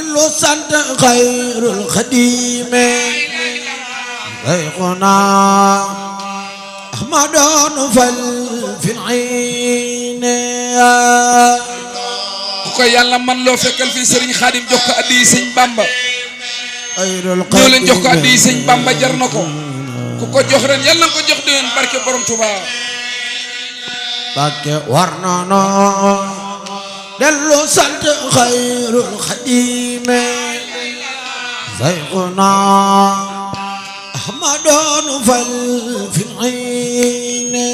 dellu sant xayrul xadime sayxuna ahmadoon fal fil ayne ku ko yàlla man loo fekkal fii sëriñ xaadim jox ko addi sëñ bamba ñoo leen jox ko addi bamba jar ku ko jox ren yàlla nga jox déwén barke borom tuba barke war dellu sant xayrul xadime sayxuna ahmadoon fal fi ayne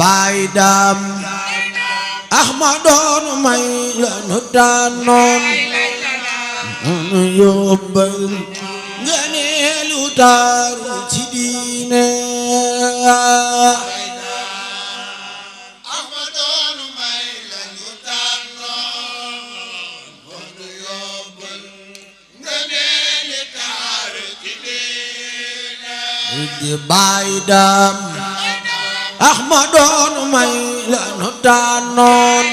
baydam ndax ma doon may la nu daanoon ci diine di baay daam ax ma doon tànnoon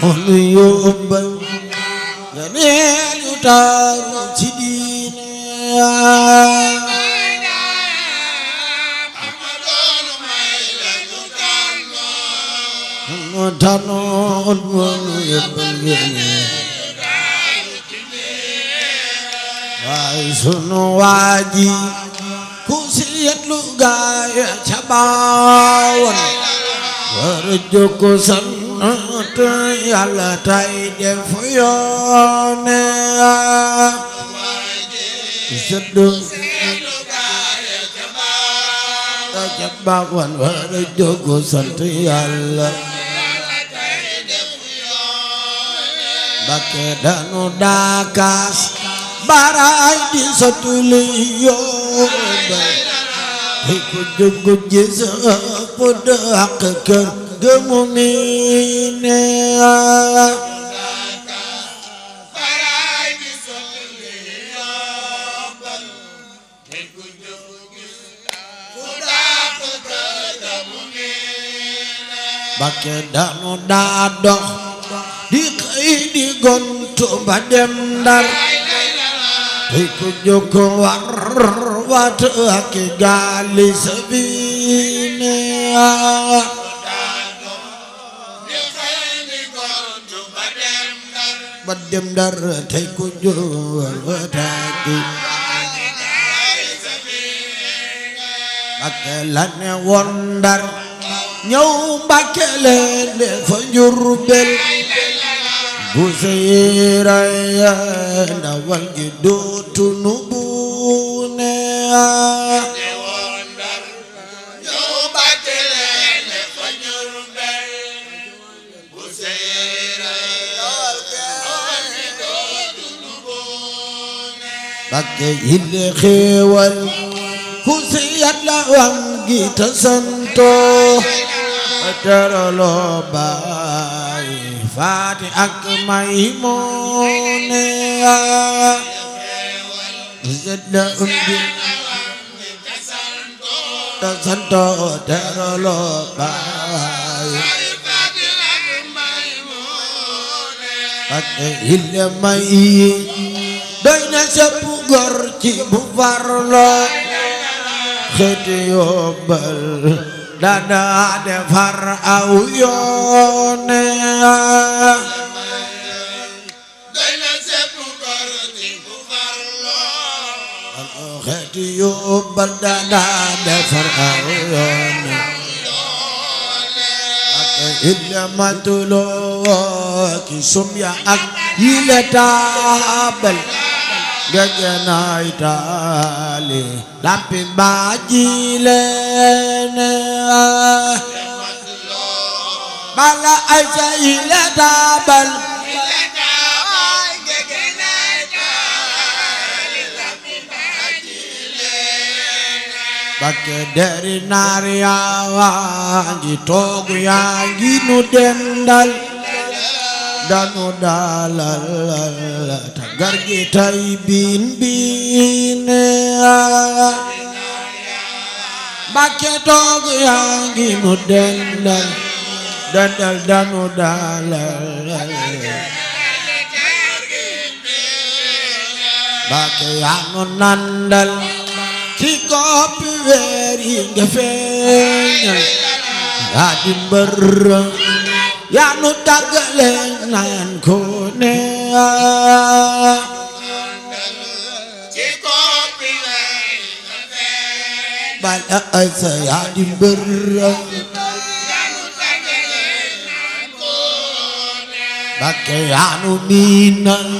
xolu yóbbal ngeneel yu taaru ci diine moo tànnoon xolu yóbbal warjuku sant yàlla tay yoone seddu bakke danu dakas baray di satuli yoone ku dugg gis ku dàq kër ga mu miine bakke danu daa dox di xëy di gontu ba dem ndar te ku jóg war وات حق قال سبينا بدم در تي كنجو وتاكي بكلان وندر ñëw Mbàkke leen fa Njurbel bu seyra ya ah, ndawal gi dootunu Mbakke yile xéewal ku si Yàlla wam gi te santo teralo baay faati ak Maymuna te santo terolo baay ak ille may doy na sëpp góor ci bu farlo xeeti yombal dana defar aw yoone yo badana defar aw yoon illa matuloo ki sum ya ak yi la taabal gaganaay taali lampi baaji leen bala ay sa yi la taabal Mbakke deri naar yaa ngi toog yaa ngi nu dendal danu dalal ta gargi tay biin biin Mbakke toog yaa ngi nu dendal danu dalal Mbakke yaa nu nandal ci kopi weer yi nga feeñal yaa di mbër yaa nu tàggale naan ko ne bala asa yaa di mbër bakke yaa nu miinal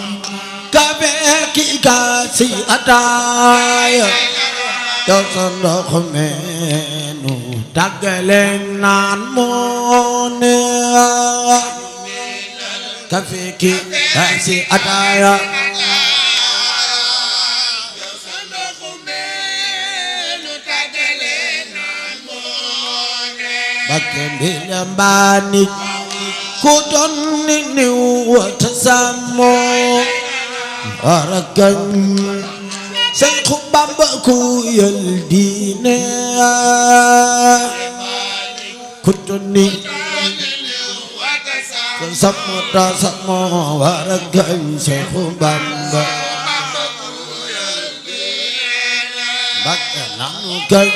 ka beeki gaasi ataaya yor sa ndox meenu tàggaleen naan moo neex kafe ki si ataaya bakke mbila mbaani ku doon ni niw wata sàmmoo arakan Seexu Bamba ku yal diine kutuni sama ta sama waragay Seexu Bamba bakkananu kan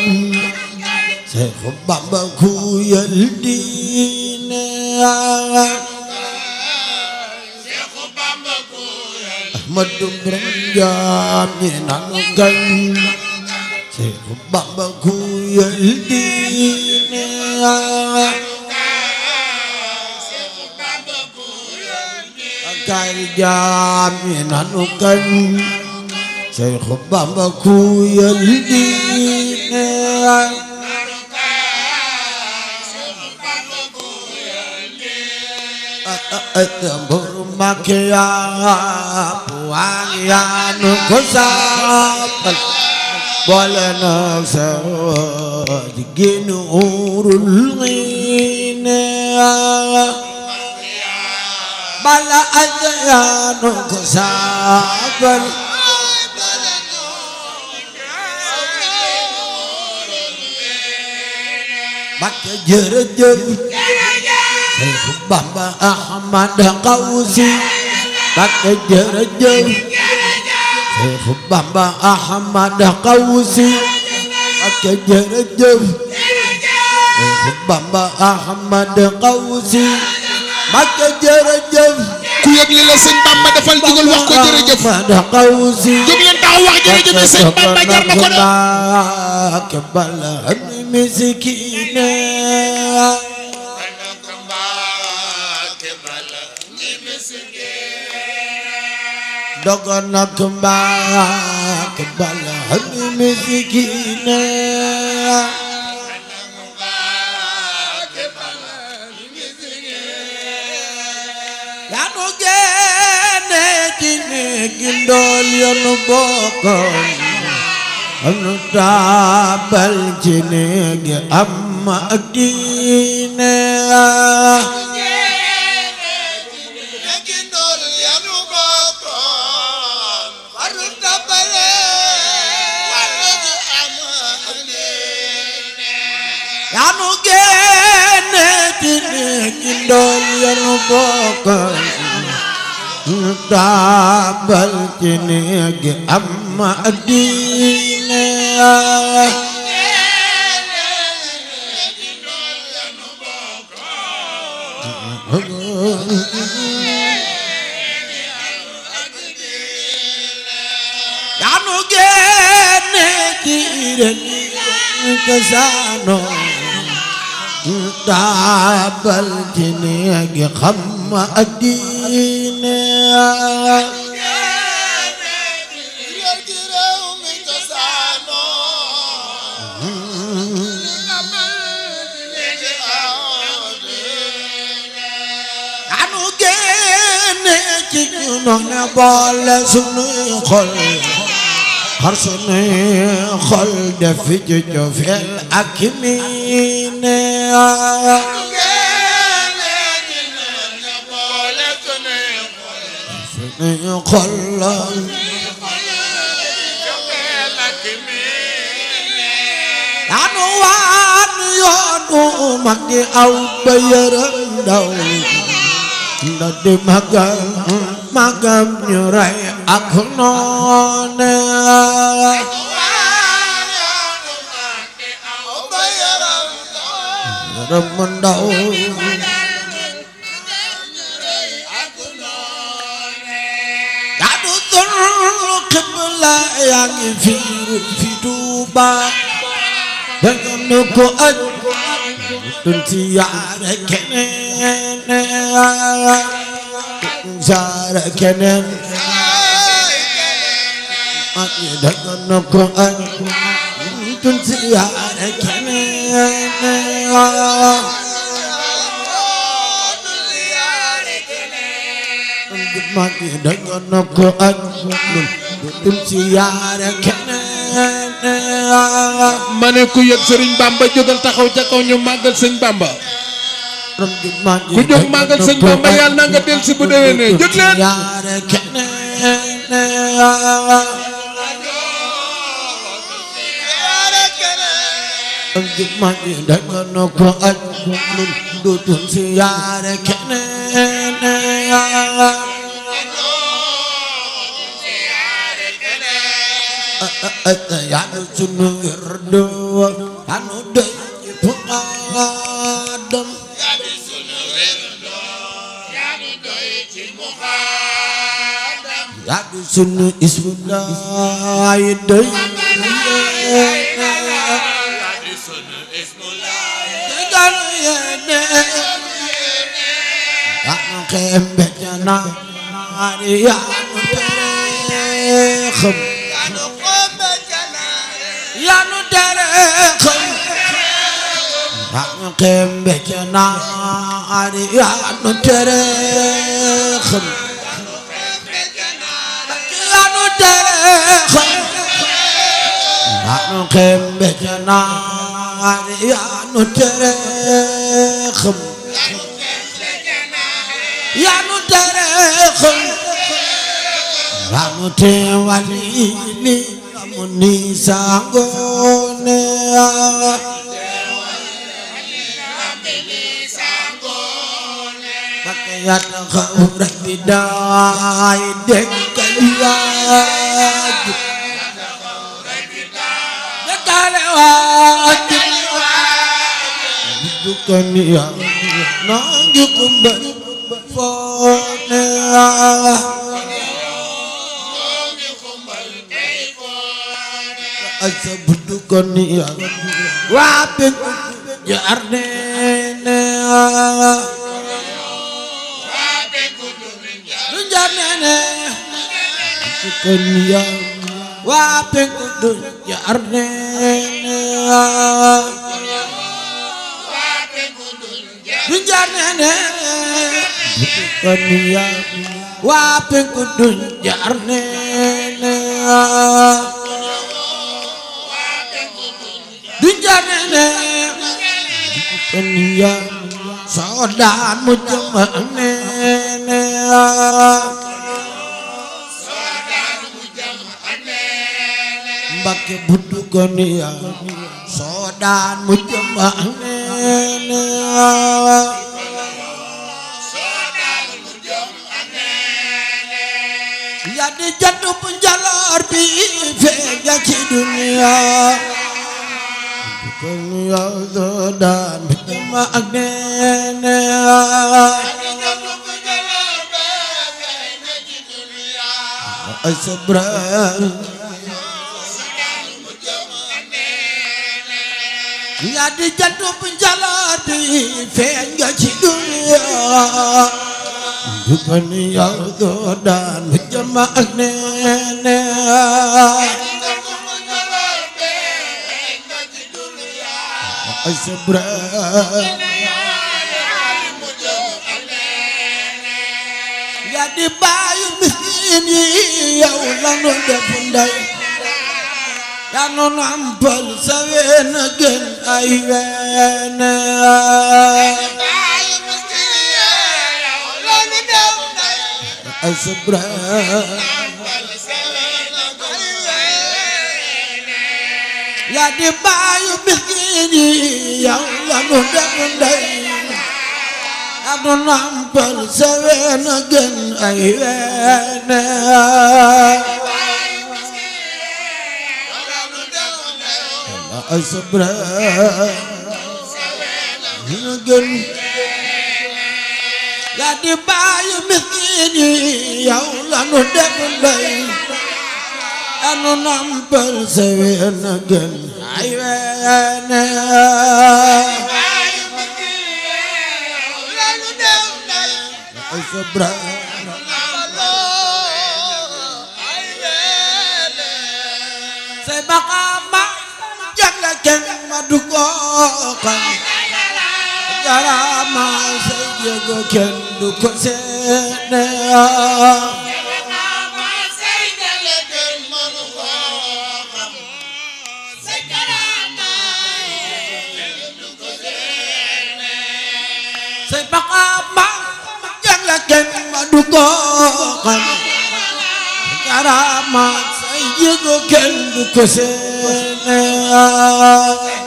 Seexu Bamba ku yal diine Ahmadu Borom jaam ñi naan gan Seex Bamba ku yal diine kaari jaam ñi naan gan Seex Bamba Tembur makia Puangian kusapel Boleh nasa Jigin urul ngine Bala adyan kusapel Makia jerejep Bamba Ahmad Xawsi Mbakke jërëjëf Seexu Bamba Ahmad Xawsi Mbakke jërëjëf Seexu Bamba Ahmad Xawsi Mbakke ku yëg la sëñ Bamba defal jugal wax ko jërëjëf jóg leen taxaw wax jërëjëf sëñ Bamba jar na dogonak mbaak bala hanu misikina yanu génne ci néegi ndool yanu bokkoon anu taabal ci am ak diine doon yanu bokk ñu taabal ci néeg gi am ak diine yanu génne ci ren kasaanoo daabal ci néegi xam ma ak diine anu génne ci ñu nox na boole sunuy xol xar sunuy xol def fi ju jofeel ak miine sunuy xol danu waan mag aw ba yërëm ndaw nda di magam ñu rey ak noone dama ndaw gadu dul xibla yaa ngi fi fi nu ko aj dun ci yaare keneen دغنا قران تنسي عليك دغنا قران تنسي عليك ma ne ku yëg Serigne Bamba jógal taxaw ca kaw ñu màggal Serigne Bamba ku jóg màggal Serigne Bamba yàlla na nga dellusi bu déwénee jóg leen ak jub mag yi dañ nga noo ko aj nun duutun si yaare keneen yaanu sunu wirdu anu doy bu aadam yaanu sunu ismu laay doy tembe janaar yaa nu tere xam yaa nu tere xam yaa tembe janaar yaa nu tere xam yaa nu tere xam yaa tembe janaar yaa nu tere xam te walini amuni sangone bakayat khawra bidai dekaliyaj dekalewaj dukan ya nanggukum fone أسبت كنيا وابن يا أرنين كنيا وابن يا أرنين كنيا وابن يا أرنين dunya mu jamane Mbakke buddu goniya sodaan mu jamane ya di jattu njaloor bi feeñ ci kon yow doo daan ma ak neene asabran yaa di jantu bu njalaati feeñ nga ci duniyaa kon yow doo daan ma ak neene الزبران يا دي بايو مهيني يا ولانو دفنداي يا نونو امبال سوين اجن ايوان الزبران yaa di baayu miskin yi yàlla nu dem ndey anu nampal sewena gën ay weene ay sabra say baqa ma jalla ken ma du ko xam jarama say jego ken du ko seene du ko xam karaamaat say jéego kenn du ko seene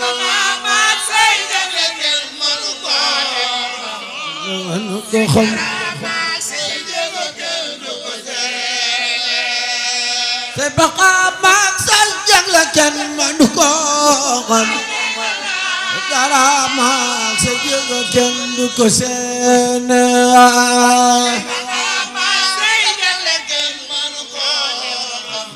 karaamaat say jéego kenn mënu ko xam mënu ko xam say jéego kenn du ko seene te baqaamaat say jéego kenn mënu ko xam karaamaat say jéego kenn du ko seene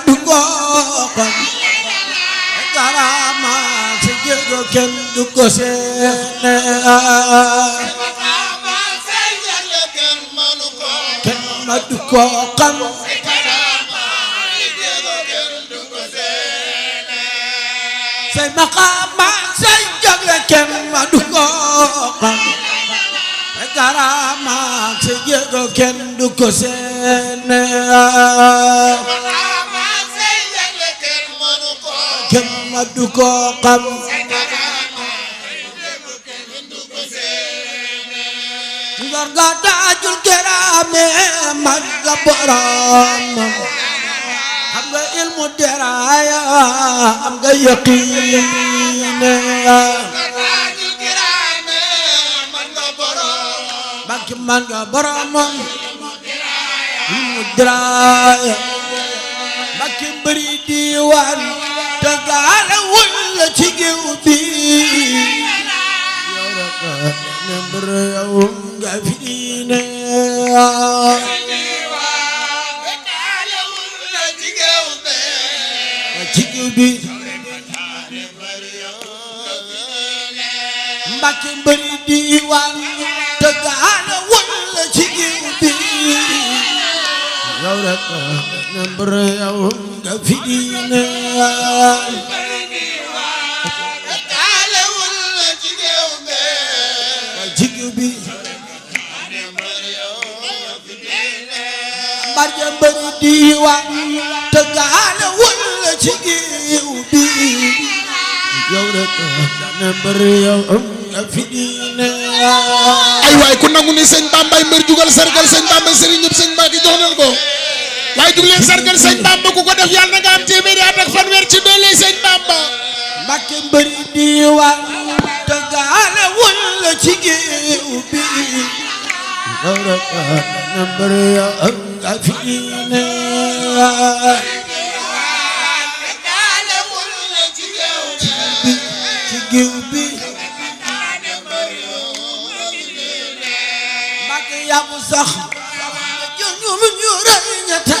du ngookon karama si jego ma du ko xam say say jagle kenn ma du ko xam karama si jego kenn du ko ma du ko xam gorga taajul kiraame mag la borom am nga ilmu diraaya am nga yaqiine bakki man nga borom ilmu diraaya ki bëri diwaan te gaale wuñ ci géew bi nembar ci géew bi mbàkke bëri diwaan te gaale wuñ la ci géew bi نمبر يوم كفينا مرجبر ديوان تقال ولا تجيو بي يورك نمبر يوم ay waay ku nangu ni sëñ Bambay mbër jugal sargal sëñ Bambay sëriñ ñëpp sëñ Mbacke jox nañ ko waaye jug leen sargal sëñ Bamba ku ko def yàlla na nga am téeméeri at ak fanweer ci doole sëñ Bamba Mbakke mbër di war te gaale wul ci géew bi na mbër ya nga fi ne ci géew bi Mbakke yamu sax ñu ñu rëy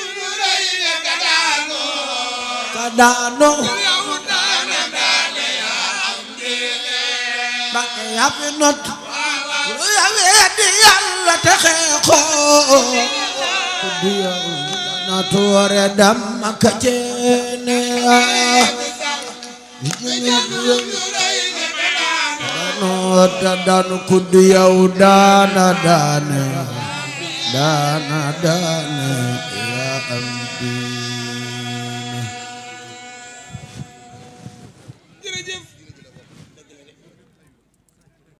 daanu Mbakke yaa fi not lu yaa weddi Yàlla te xeexoo ku diya na tuure dam Makka ceene noota daanu ku diya wu daana daane daana daane yaa am di